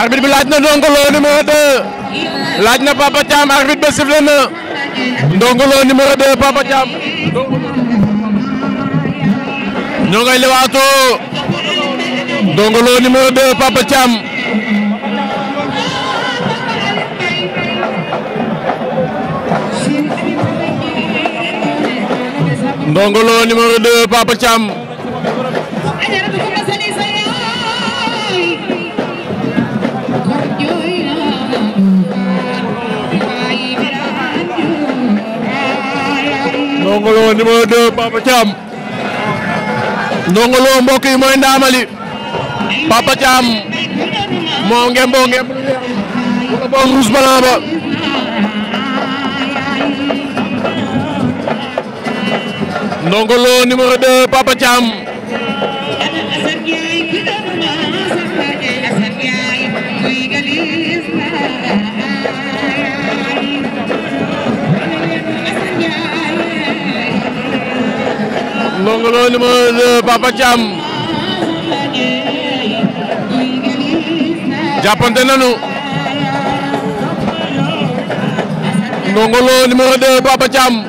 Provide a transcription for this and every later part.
arbitre bi laaj na Ndongo Lo numéro 2 laaj na Papa Thiam arbitre ba sifflé na Ndongo Lo numéro 2 Papa Thiam ñoo ngay lewaato Ndongo Lo numéro 2 Papa Thiam Ndongo Lo numéro 2 Papa Thiam Ndongo Lo numéro 2 Papa Thiam Ndongo Lo mooy ndaamali Papa Thiam moo ngem boo ngem wala boo ruus balaa ba Ndongo Lo numéro 2 Papa Thiam jàppante nañu Ndongo Lo numéro 2 Papa Thiam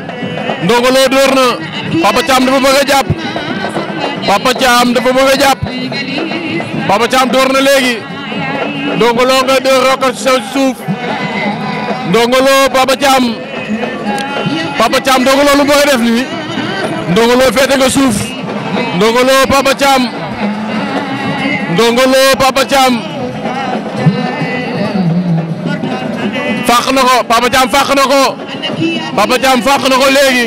Ndongo Lo door dafa bëgg a jàpp Papa Thiam na léegi Ndongo Lo nga door rokkal ci suuf Ndongo Lo Papa Thiam lu bëgg a def nii. Ndongo Lo féete nga suuf Ndongo Lo Papa Thiam Ndongo fàq na ko Papa faq na ko léegi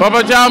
Papa Thiam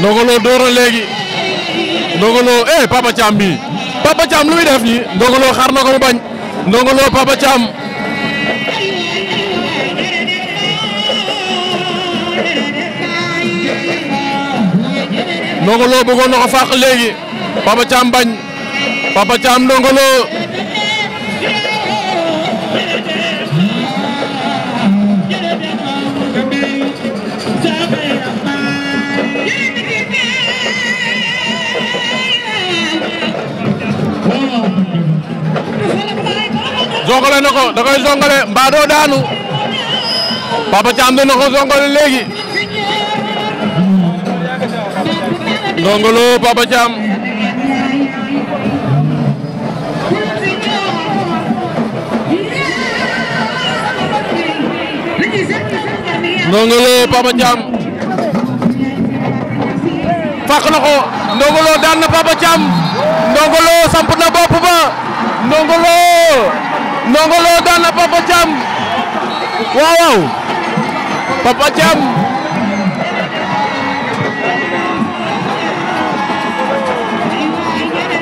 Ndongo Lo door léegi Ndongo Lo eh Papa Thiam bii Papa Thiam lu muy def nii Ndongo Lo xaar na bañ Ndongo Lo Papa Thiam. Ndongo Lo bëggoon na ko léegi Papa Thiam bañ Papa Thiam Ndongo Lo. zongale na ko da koy daan na Papa Thiam Ndongo na bopp ba Ndongo Ndongo Lo daan na Papa Thiam waaw Papa Thiam